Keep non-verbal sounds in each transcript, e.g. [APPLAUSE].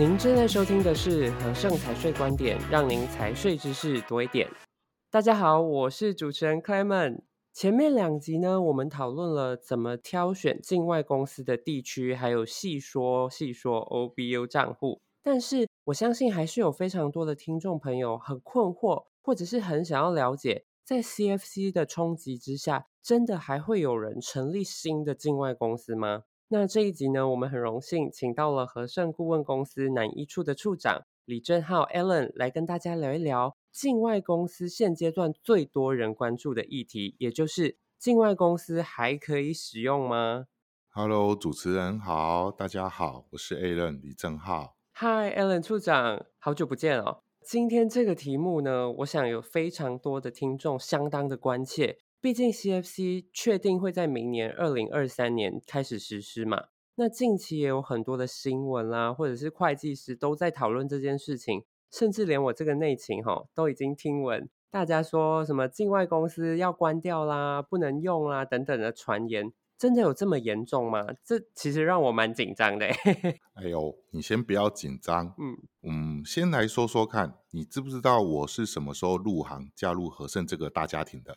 您正在收聽的是荷盛財稅觀點，讓您財稅知識多一點。大家好，我是主持人 Clement。前面兩集呢，我們討論了怎麼挑選境外公司的地區，還有細說細說，細說 OBU 賬戶。但是我相信還是有非常多的聽眾朋友很困惑，或者是很想要了解，在 CFC 的衝擊之下，真的還會有人成立新的境外公司嗎？那這一集呢，我們很榮幸請到了荷盛顧問公司南一處的處長李正浩 Allen 來跟大家聊一聊境外公司現階段最多人關注的議題，也就是境外公司還可以使用嗎？Hello，主持人好，大家好，我是 Allen 李正浩。Hi，Allen 處長，好久不見哦。今天這個題目呢，我想有非常多的聽眾相當的關切。畢竟 CFC 確定會在明年二零二三年開始實施嘛，那近期也有很多的新聞啦，或者是會計師都在討論這件事情，甚至連我這個內情哈都已經聽聞，大家說什麼境外公司要關掉啦、不能用啦等等的傳言。真的有這麼嚴重嗎？這其實讓我蠻緊張的。 [LAUGHS] 哎呦，你先不要緊張。嗯嗯，先來說說看，你知不知道我是什麼時候入行、加入荷盛這個大家庭的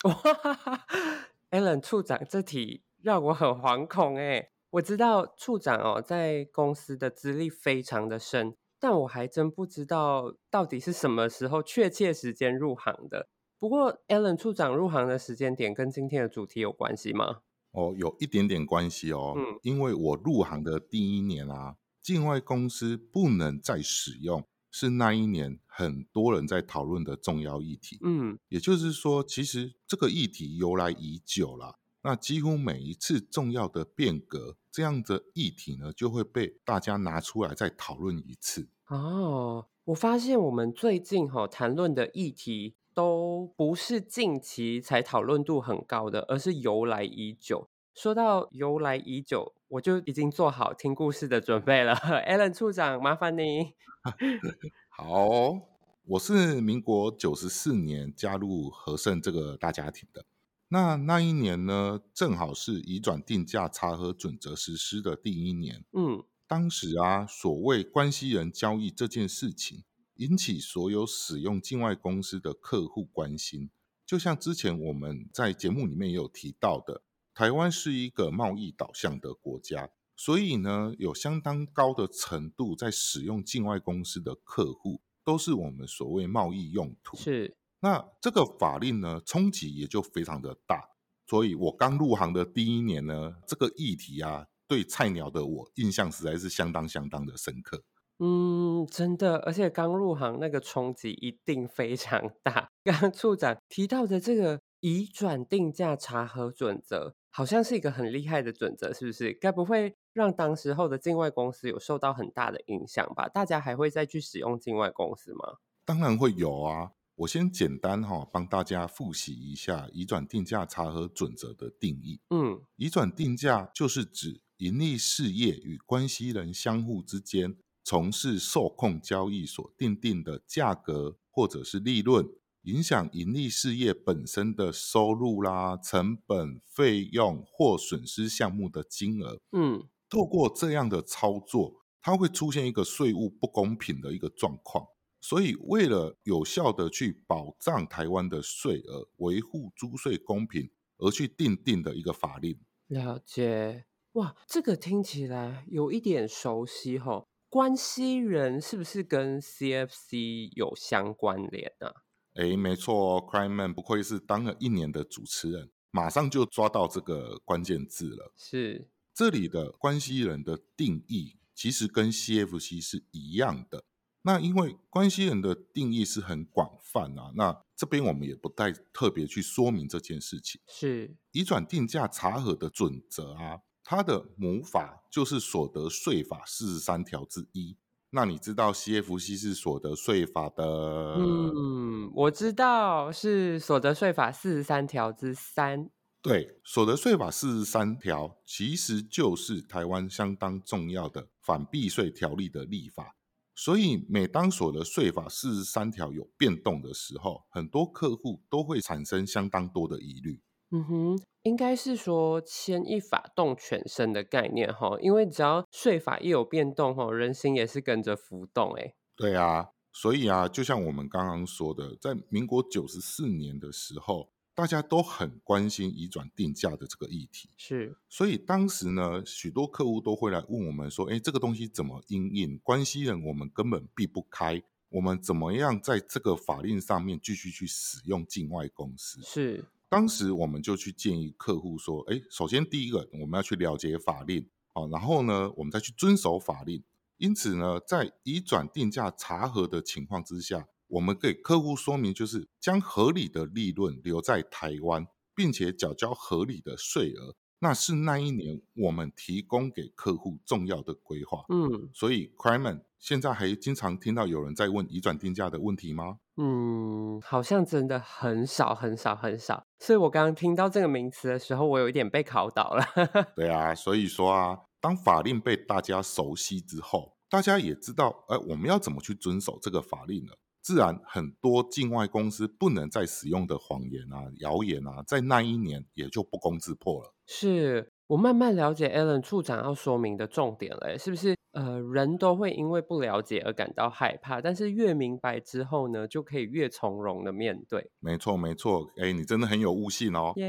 [LAUGHS] ？Allen 處長，這題讓我很惶恐哎。我知道處長哦，在公司的資歷非常的深，但我還真不知道到底是什麼時候確切時間入行的。不過 Allen 處長入行的時間點跟今天的主題有關係嗎？哦，有一點點關係哦，嗯，因為我入行的第一年啊，境外公司不能再使用，是那一年很多人在討論的重要議題，嗯，也就是說，其實這個議題由來已久了，那幾乎每一次重要的變革，這樣的議題呢，就會被大家拿出來再討論一次。哦，我發現我們最近哈、哦，談論的議題。都不是近期才討論度很高的，而是由來已久。說到由來已久，我就已經做好聽故事的準備了。Allen 處長，麻煩你。 [LAUGHS] 好、哦，我是民國九十四年加入荷盛這個大家庭的。那那一年呢，正好是移轉定價查核準則實施的第一年。嗯，當時啊，所謂關係人交易這件事情。引起所有使用境外公司的客戶關心，就像之前我們在節目裡面也有提到的，台灣是一個貿易導向的國家，所以呢，有相當高的程度在使用境外公司的客戶都是我們所謂貿易用途。是，那這個法令呢，衝擊也就非常的大。所以我剛入行的第一年呢，這個議題啊，對菜鳥的我印象實在是相當相當的深刻。嗯，真的，而且剛入行那個衝擊一定非常大。剛處長提到的這個移轉定價查核準則，好像是一個很厲害的準則，是不是？該不會讓當時候的境外公司有受到很大的影響吧？大家還會再去使用境外公司嗎？當然會有啊！我先簡單哈、哦、幫大家複習一下移轉定價查核準則的定義。嗯，移轉定價就是指營利事業與關係人相互之間。從事受控交易所訂定的價格或者是利潤，影響營利事業本身的收入啦、成本、費用或損失項目的金額。嗯，透過這樣的操作，它會出現一個稅務不公平的一個狀況。所以，為了有效地去保障台灣的稅額，維護租稅公平，而去訂定的一個法令。了解。哇，這個聽起來有一點熟悉吼。關係人是不是跟 C F C 有相關聯啊？誒，沒錯，Crimean 不愧是當了一年的主持人，馬上就抓到這個關鍵字了。是。這裡的關係人的定義，其實跟 C F C 是一樣的。那因為關係人的定義是很廣泛啊，那這邊我們也不太特別去說明這件事情。是。移轉定價查核的準則啊。它的母法就是所得稅法四十三條之一。那你知道 CFC 是所得稅法的？嗯，我知道是所得稅法四十三條之三。對，所得稅法四十三條其實就是台灣相當重要的反避稅條例的立法。所以，每當所得稅法四十三條有變動的時候，很多客戶都會產生相當多的疑慮。嗯哼，應該是說牽一髮動全身的概念哈，因為只要稅法一有變動，人心也是跟着浮動哎、欸。對啊，所以啊，就像我們剛剛說的，在民國九十四年的時候，大家都很關心移轉定價的這個議題。是，所以當時呢，許多客戶都會來問我們說：“哎、欸，這個東西怎麼因應？關係人我們根本避不開，我們怎麼樣在這個法令上面繼續去使用境外公司？”是。當時我們就去建議客戶說，誒，首先第一個我們要去了解法令，啊，然後呢，我們再去遵守法令。因此呢，在移轉定價查核的情況之下，我們給客戶說明就是將合理的利潤留在台灣，並且繳交合理的稅額，那是那一年我們提供給客戶重要的規劃。嗯，所以 Criman 現在還經常聽到有人在問移轉定價的問題嗎？嗯，好像真的很少很少很少，所以我剛剛聽到這個名詞的時候，我有一點被考倒了。 [LAUGHS] 對啊，所以說啊，當法令被大家熟悉之後，大家也知道，哎，我們要怎麼去遵守這個法令呢？自然，很多境外公司不能再使用的謊言啊、謠言啊，在那一年也就不攻自破了。是。我慢慢了解 Allen 處長要說明的重點了是不是？呃，人都會因為不了解而感到害怕，但是越明白之後呢，就可以越從容的面對。沒錯，沒錯。哎，你真的很有悟性哦。耶。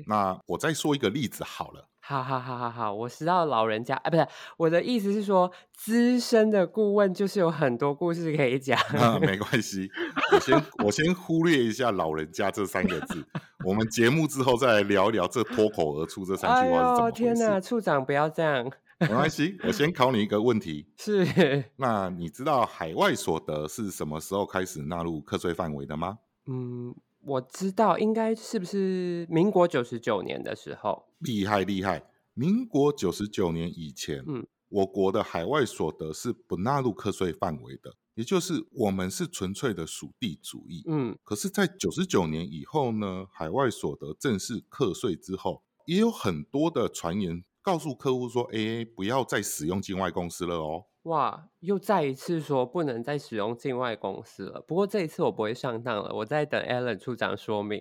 Yeah. 那我再說一個例子好了。好好好好好，我知道老人家、啊，不是，我的意思是說，資深的顧問就是有很多故事可以講。啊、沒關係，我先 [LAUGHS] 我先忽略一下老人家這三個字， [LAUGHS] 我們節目之後再來聊一聊這脫口而出這三句話是怎麼回事哦、哎，天哪，處長不要這樣。 [LAUGHS] 沒關係，我先考你一個問題，是那你知道海外所得是什麼時候開始納入課稅範圍的嗎？嗯。我知道，應該是不是民國九十九年的時候？厲害厲害，民國九十九年以前，嗯，我國的海外所得是不納入課稅範圍的，也就是我們是純粹的屬地主義，嗯。可是，在九十九年以後呢，海外所得正式課稅之後，也有很多的傳言告訴客戶說：“哎、欸，不要再使用境外公司了哦。”哇，又再一次說不能再使用境外公司了。不過這一次我不會上當了，我在等 Allen 處長說明。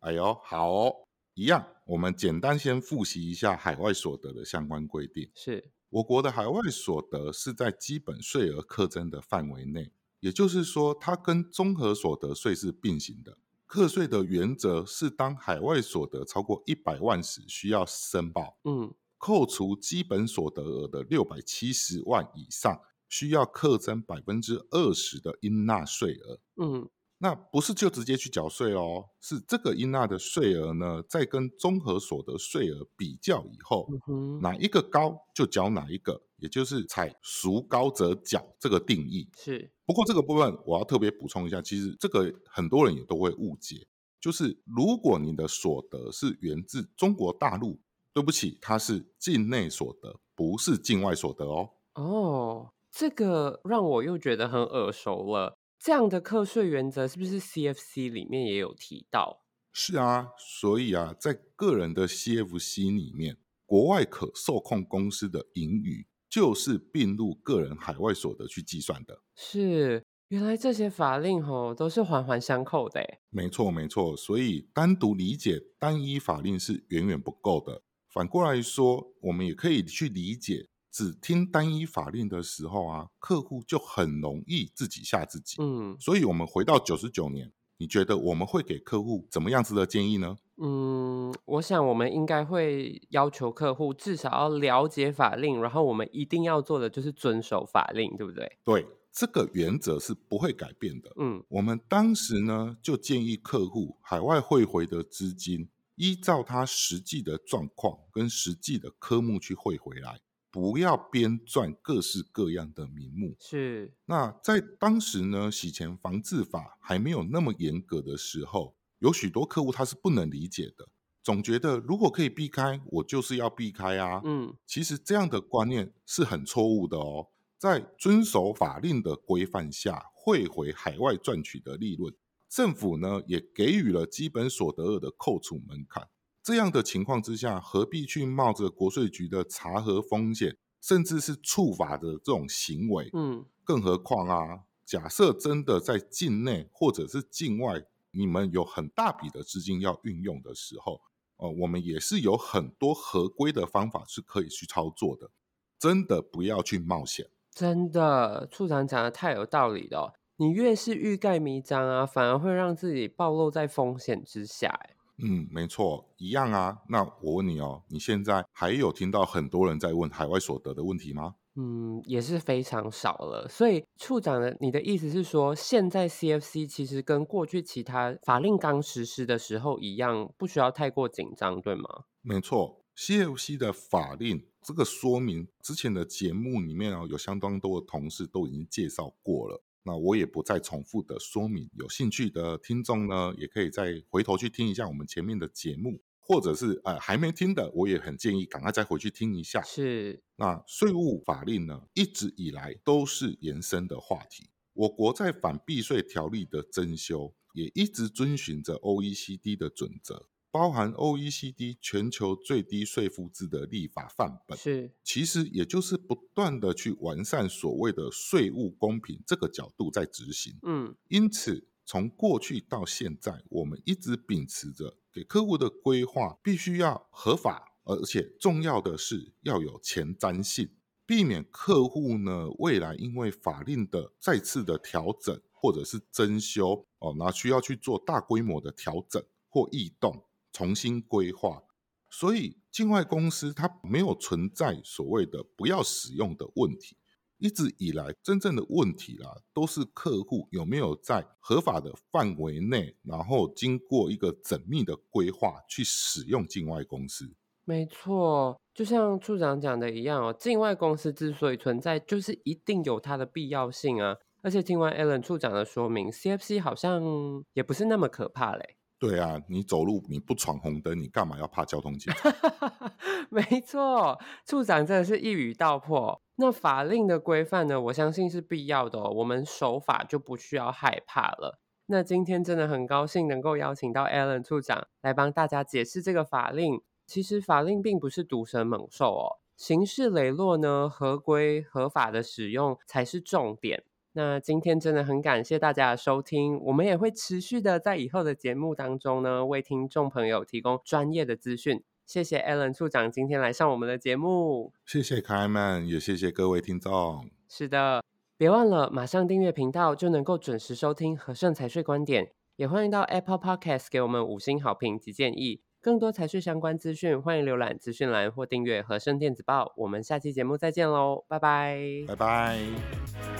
哎喲，好哦，一樣。我們簡單先複習一下海外所得的相關規定。是，我國的海外所得是在基本稅額課徵的範圍內，也就是說，它跟綜合所得稅是並行的。課稅的原則是，當海外所得超過一百萬時，需要申報。嗯。扣除基本所得額的六百七十萬以上，需要課徵百分之二十的應納稅額。嗯哼，那不是就直接去繳稅哦，是這個應納的稅額呢，在跟綜合所得稅額比較以後，嗯、哼哪一個高就繳哪一個，也就是採孰高則繳這個定義。是，不過這個部分我要特別補充一下，其實這個很多人也都會誤解，就是如果你的所得是源自中國大陸。對不起，它是境內所得，不是境外所得哦。哦，這個讓我又覺得很耳熟了。這樣的課稅原則是不是 CFC 裡面也有提到？是啊，所以啊，在個人的 CFC 裡面，國外可受控公司的盈餘就是併入個人海外所得去計算的。是，原來這些法令哈、哦、都是環環相扣的。誒，沒錯，沒錯。所以單獨理解單一法令是遠遠不夠的。反過來說，我們也可以去理解，只聽單一法令的時候啊，客戶就很容易自己嚇自己。嗯，所以我們回到九十九年，你覺得我們會給客戶怎麼樣子的建議呢？嗯，我想我們應該會要求客戶至少要了解法令，然後我們一定要做的就是遵守法令，對不對？對，這個原則是不會改變的。嗯，我們當時呢就建議客戶海外匯回的資金。依照他實際的狀況跟實際的科目去匯回來，不要編撰各式各樣的名目。是。那在當時呢，洗錢防治法還沒有那麼嚴格的時候，有許多客戶他是不能理解的，總覺得如果可以避開，我就是要避開啊。嗯。其實這樣的觀念是很錯誤的哦，在遵守法令的規範下，匯回海外賺取的利潤。政府呢，也給予了基本所得的的扣除門檻，這樣的情況之下，何必去冒着國稅局的查核風險，甚至是處罰的這種行為？嗯，更何況啊，假設真的在境內或者是境外，你們有很大筆的資金要運用的時候，哦、呃，我們也是有很多合規的方法是可以去操作的，真的不要去冒險。真的，處長講的太有道理了。你越是欲蓋彌彰啊，反而會讓自己暴露在風險之下，欸。哎，嗯，沒錯，一樣啊。那我問你哦，你現在還有聽到很多人在問海外所得的問題嗎？嗯，也是非常少了。所以處長的，你的意思是說，現在 CFC 其實跟過去其他法令剛實施的時候一樣，不需要太過緊張，對嗎？沒錯，CFC 的法令這個說明之前的節目裡面啊，哦，有相當多的同事都已經介紹過了。那我也不再重複的說明，有興趣的聽眾呢，也可以再回頭去聽一下我們前面的節目，或者是呃還沒聽的，我也很建議趕快再回去聽一下。是，那稅務法令呢，一直以來都是延伸的話題。我國在反避稅條例的增修，也一直遵循着 OECD 的準則。包含 OECD 全球最低稅負制的立法範本，是，其實也就是不斷的去完善所謂的稅務公平這個角度在執行。嗯，因此從過去到現在，我們一直秉持着給客戶的規劃必須要合法，而且重要的是要有前瞻性，避免客戶呢未來因為法令的再次的調整或者是增修哦，那需要去做大規模的調整或異動。重新規劃，所以境外公司它沒有存在所謂的不要使用的問題。一直以來，真正的問題啦、啊，都是客戶有沒有在合法的範圍內，然後經過一個縝密的規劃去使用境外公司。沒錯，就像處長講的一樣哦，境外公司之所以存在，就是一定有它的必要性啊。而且聽完 Allen 處長的說明，CFC 好像也不是那麼可怕嘞。對啊，你走路你不闖紅燈，你幹嘛要怕交通警察。 [LAUGHS] 沒錯，處長真的是一語道破。那法令的規範呢？我相信是必要的哦，我們守法就不需要害怕了。那今天真的很高興能夠邀請到 Allen 處長來幫大家解釋這個法令。其實法令並不是毒蛇猛獸哦，行事磊落呢，合規合法的使用才是重點。那今天真的很感謝大家的收聽，我們也會持續的在以後的節目當中呢，為聽眾朋友提供專業的資訊。謝謝 Allen 處長今天來上我們的節目，謝謝開曼，也謝謝各位聽眾。是的，別忘了馬上訂閱頻道就能夠準時收聽荷盛財稅觀點，也歡迎到 Apple Podcast 給我們五星好評及建議。更多財稅相關資訊，歡迎瀏覽資訊欄或訂閱荷盛電子報。我們下期節目再見嘍，拜拜，拜拜。